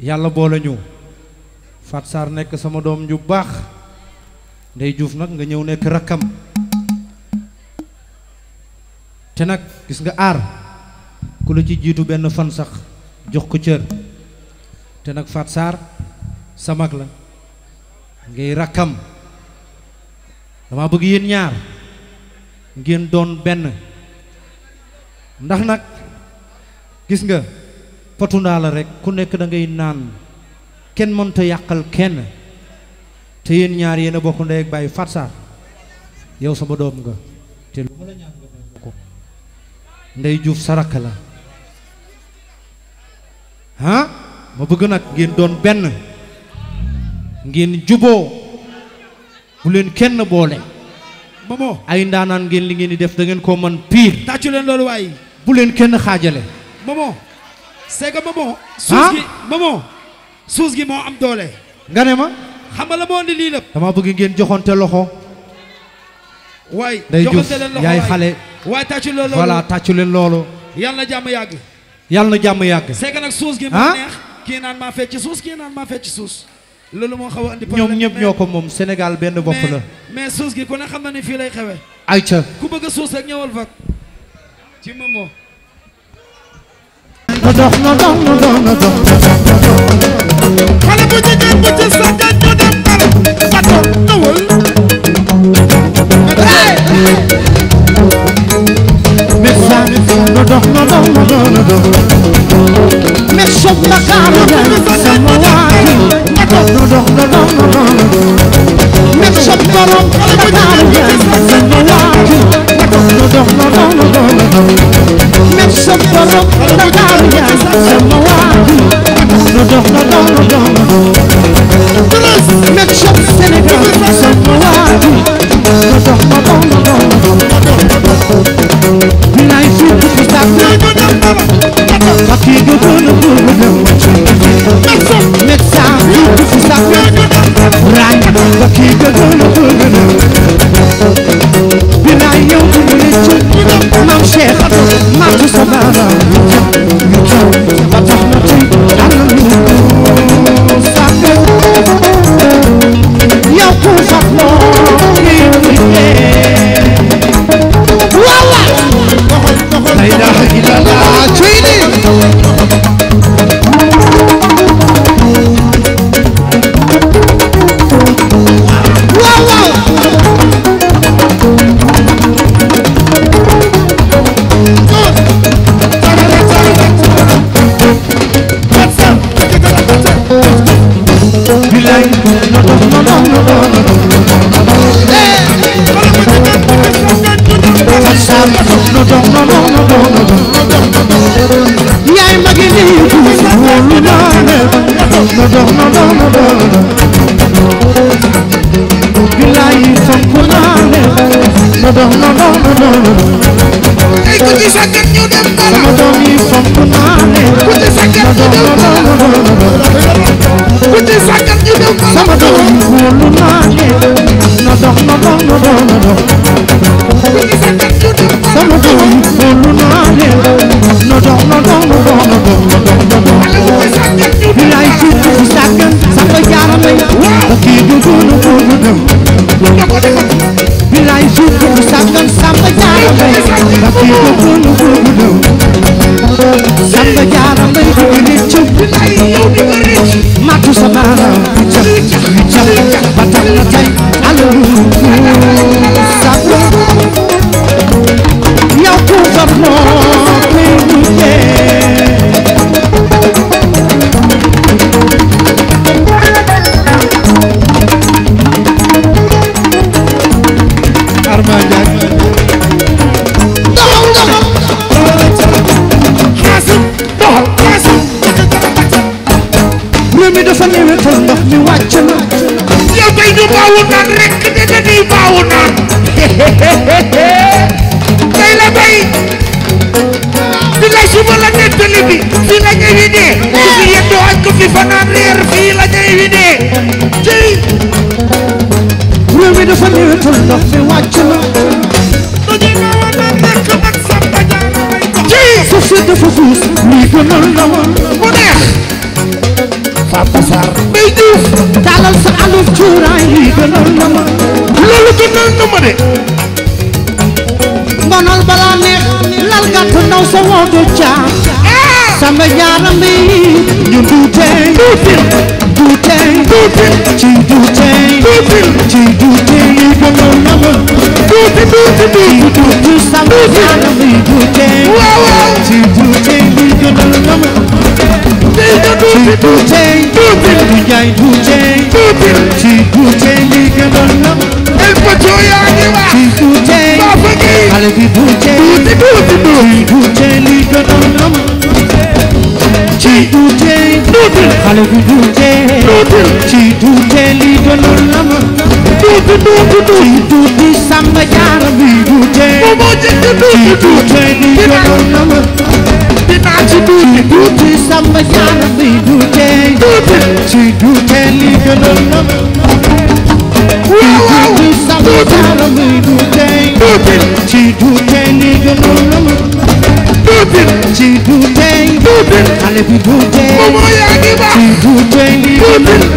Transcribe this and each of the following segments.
yàlla boole ñu Fat Sarr nekk sama doom ju baax Ndey Juuf nag nga ñëw nekk rakkam te nag gis nga aar ku la ci jiitu benn fan sax jox ko cër te nag Fat Sarr sa mag la ngay rakkam dama bëgg yéen ñaar ngeen doon benn ndax nag gis nga potundaa la rekk ku nekk dangay naan kenn mënta yàqal kenn te yéen ñaar yéen a bokk ndey ak bàyyi Fatou Sarr yow sama doom nga te lu ma ko ndey Diouf saraka la ah ma bëgg nag ngeen doon benn ngeen juboo bu leen kenn boole moomoo ay ndaanaan ngeen li ngeen di def da ngeen koo man piir tàccu leen loolu waaye bu leen kenn xaajale c'est que maman. suus gi maman suus gi moo am doole. nga ne ma. xam nga moo di lii lépp. dama bëgg ngeen joxonte loxo. waay joxonte leen loxo waay yaay xale. waay tàccu leen loolu voilà tàccu leen loolu. yàlla na jàmm yàgg. yàlla na jàmm yàgg. c'est nag suus gi. moo neex kii naan maa fecc suus kii naan maa fecc suus. loolu moo xaw a andi problème ñoom ñoo ko moom Sénégal benn bopp la. mais suus gi ku ne xam na ne fii lay xewe. ayca ku bëgg a suus rek ñëwal fag ci momo na dox na dox na dox na dox xale bu jigéen bu ci sàggan ñu dem pare bato dawal misaani na dox na dox na dox na dox mais sob Ndakaaru yaa sama waati na dox na dox na dox na dox na dox mais sob borom Ndakaaru yaa sama waati na dox na dox na dox na dox mais sob borom na dox na dox na dox bilaay fonk naa leen na dox na dox na dox ay ku ci sàkkat ñu dem dara sama doom yi fonk naa leen ku ci sàkkat ñu dem dara ku ci sàkkat ñu dem dara sama doom yi wóolu naa leen na dox na dox na dox na dox fii la suba la nettali bi fii la ñuy widee ku fi yeddu aj ku fi fanaan reer fii la ñuy widee tey réew mi dafa néewatul ndox mi wàcc na suuf si dafa fuus lii gënal na ma mu neex Papa Sarr bay Diouf dalal sa aluf cuuraay lii gënal na ma loolu gënal na ma de ngonal ba yow sa woto caa sama yaram bi ñu duute duute duute duute ci duute duute ci duute yi gënoon na ma duute duute duute duute sama yaram bi duute ci duute yi gënoon na ma ci duute duute duute ci duute yi gënoon na xale bi duutee. duutul ci duutee lii doonul la ma. duutu duutu duutu. ci duuti samba jaar bi duutee. boobu jënd duutu ci duutee lii doonul la ma. dinaa ci duuti. duuti samba jaar bi duutee. duutul ci duutee lii doonul la ma. waaw waaw duuti samba jaar bi duutee. duutul ci duutee lii doonul la ma. duutul ci duutee. duutul xale bi duutee. Putin. Putin.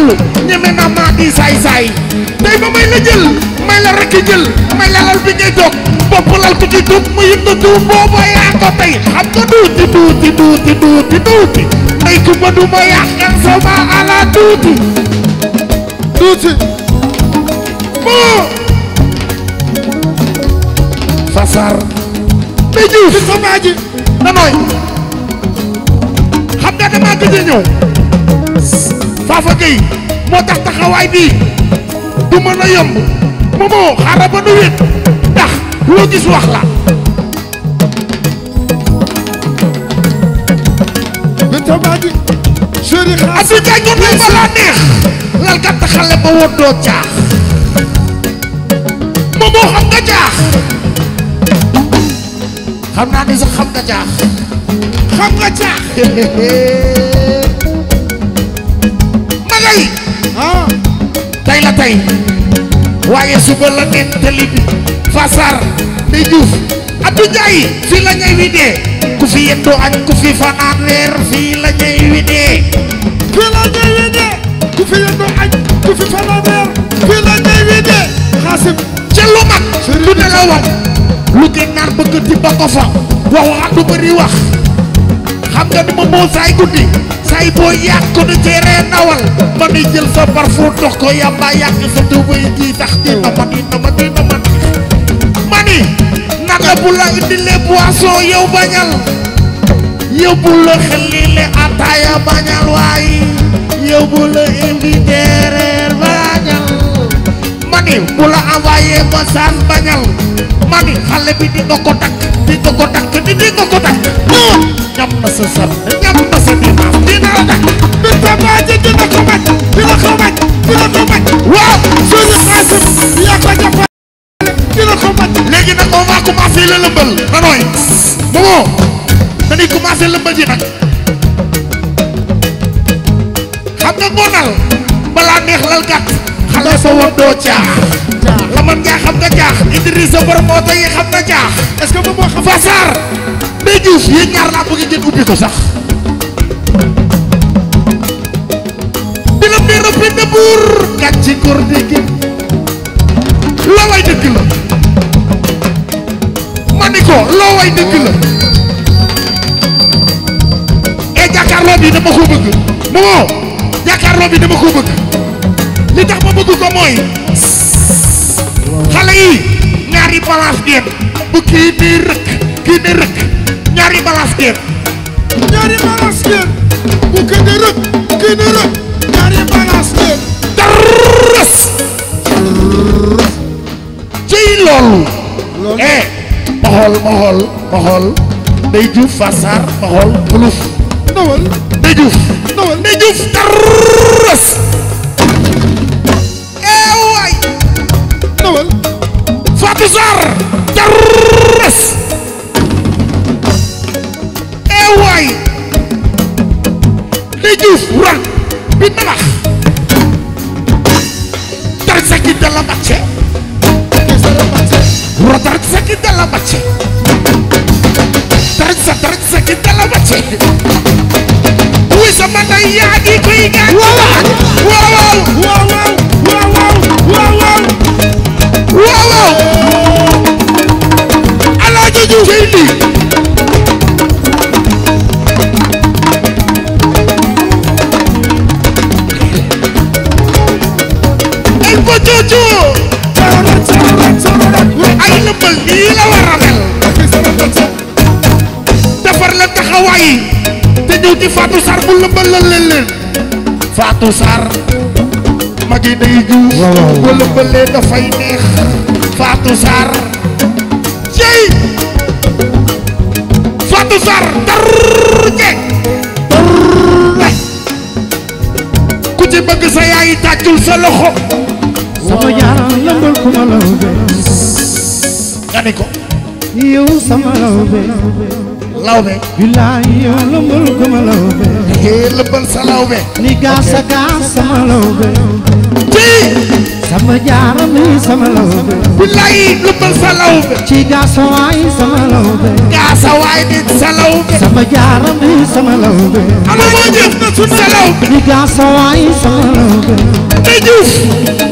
jël ñeme na maa di saay saay tey ma may la jël may la rekk jël may la lal bi ngay toog bopp lal ko ci tuub mu yëg na tuub booba yaa ko tey xam nga tuuti tuuti tuuti tuuti tuuti ndey ku ma du ma yàqal sama ala tuuti tuuti moo fasar day juuf ci sama ji na nooy a ñëw Moustapha Gueye moo tax taxawaay bii du mën a yomb moomoo xaaral ba nu wéet ndax loo gis wax la tabaaji sëriñ xaar Afrika ñu ne ma la neex lal gàtt xale ba woon doo caax moom moo xam nga caax xam naa ni sax xam nga caax xam nga caax tey waaye suba la neen tali bi fasar day juuf Abdou Ndiaye fii la ñuy widee ku fi yendoo ak ku fi fanaan weer fii la ñuy widee fii la widee ku fi yendoo ak ku fi fanaan weer fii la widee xaasim ca lu mag lu ne la wax lu bëgg ti ba fa wax waxaat du bëri wax xam nga duma moo saay guddi tay boo yàq nu teree nawal ma ni jël sa parfum dox ko yàmbaa yàq sa tubay ji tax di na ma di na ma di na ma ma ni naka bu la indilee boisson yow bañal yow bu la xelile bañal waaye yow bu la indi bañal ma ni bu la bañal ma xale bi di nga di nga ko takk di nga ko takk ñam na la na nooy moomoo dañuy commencé xam nga moo nal balaa neex lal gàtt xale sa woon doo caax la man ngaa xam nga caax Idrissa moo tegi xam na caax e ce que moom moo xam fasaar day juuf yéen ñaar laa bëgg ngeen ubbi ko sax di la mbir a bind buur gàcci góor non loo way dëgg la e jàkkaarloo bi dama ko bëgg moo jàkkaarloo bi dama ko bëgg li tax ma bëgg ko mooy xale yi ñaari balance ngeen bu loolu eh xool ma xool ma xool day juuf fasaar ma xool buluf ndawal day juuf ndawal day juuf tarras eewaay eh, ndawal Fatou Sarr tarras Fatou Sarr bu lëmbalal leen leen Fatou Sarr mag yi day juuf bu lëmbalee dafay neex Fatou Sarr cey Fatou Sarr tar jeeg tar lay ku ci bëgg sa yaay sa loxo sama yaram lëmbal ku ma law be nga ni ko yow sama law be lawbe bilaay yow lëmbal ma lawbe lëmbal sa lawbe ni gaasa gaas sama lawbe ci sama jaarami sama lawbe bilaay lëmbal sa lawbe ci gaasa waay sama lawbe gaasa waay sa lawbe sama jaarami sama lawbe ana moo sa lawbe ni gaasa waay sama lawbe te juuf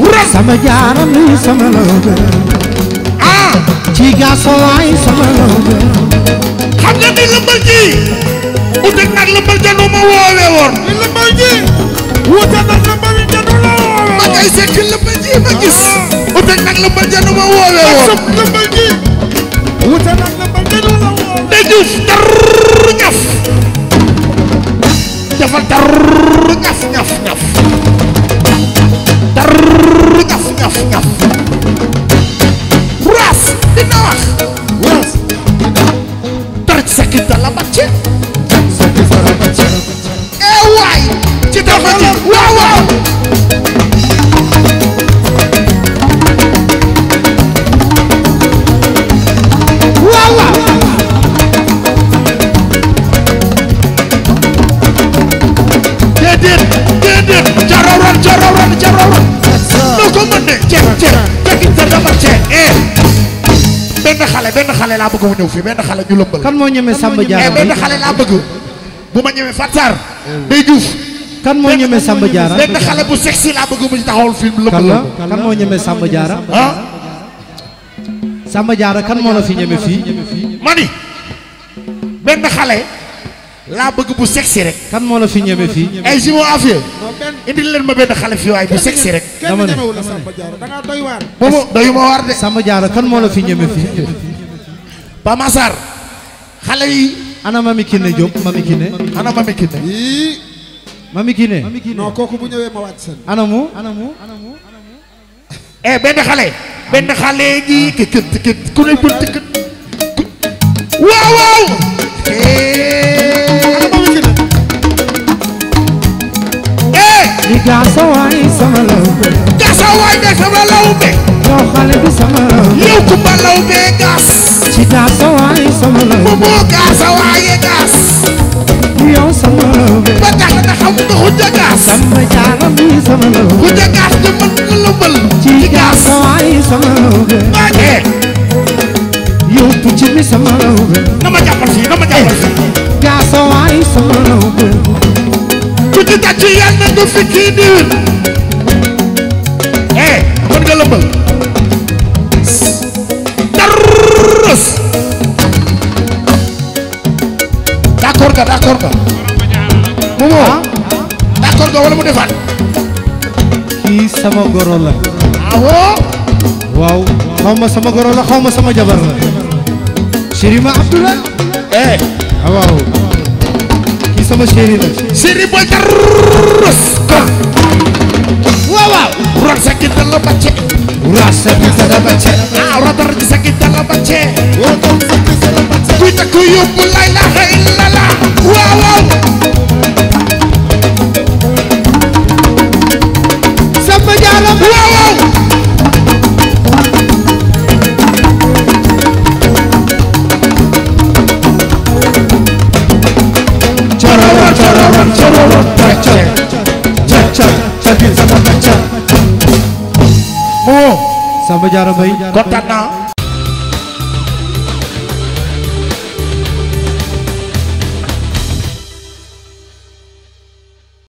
wura sama jaarami sama lawbe ah! xam nga ni lëmbal ji wuuteeg nag lëmbal janu ma woowee woon. li lëmbal ji wuuteeg nag lëmbal janu la woowee woon. ma ngay sekk lëmbal ji ma gis. Ah. wuuteeg nag lëmbal janu ma woowee woon. ma lëmbal ji wuuteeg nag lëmbal janu la woowee. day juuf tar ñaf. dafa tar ñaf ñaf ñaf. déet noo ko mën ne ceeb ceeb teggin sa dama ceeb eh benn xale benn xale laa bëgg mu ñëw fii benn xale ñu lëmbal kan moo ñeme Samba Diarra eh, benn xale laa bëgg bu ma ñeme Fatar day Diouf kan moo ñeme Samba Diarra benn xale bu sexy laa bëgg mu ci taxawal film lëmbal kan moo ñeme Samba Diarra ah Samba kan moo la fi ñeme fii mani benn xale laa bëgg bu sexy rek. kan moo la fi ñeme fii. ay jumeaux affaire. indil leen ma benn xale fii waaye bu sexy rek. dama ne dama doy de. Samba kan moo la fi ñeme fii. Ba Massar. xale yi. ana ma Kiné Diop mami ma ana mami Kiné. ma wàcc seen. anamu anamu. eh benn xale. benn xale gi. kë kë kë ku jaasa waay sama lawbe. jaasa waay de sama lawbe. yow xale bi sama lawbe. yow kumba lawbe gaas. ci jaasa waay sama lawbe. bu boo gaasa waaye gaas. yow sama lawbe. ba tax na xam nga xujja gaas. sama jaara bi sama lawbe. xujja gaas du mën nga lëmbal. ci jaasa waay sama lawbe. waa kee. yow tuuti bi sama lawbe. na ma jàppal fii na ma jàppal fii. jaasa waay sama lawbe. ku ci tàcc yàlla na nga fi kii diir eh mën nga lëmbal darrës d'accord nga d'accord nga mu moo d'accord nga wala mu defaat kii sama goro la waaw waaw xaw ma sama goro la xaw ma sama jabar la Chérima Abdoulaye eh waaw sama chéri la chéri booy ta rus ko waaw sa ginta la bacce ron sa ginta la bacce ah rodar sa ginta la bacce rodar sa ginta la bacce kuy takk yóbbu la ilaha illallah waaw Diarra Mbaye kontaan naa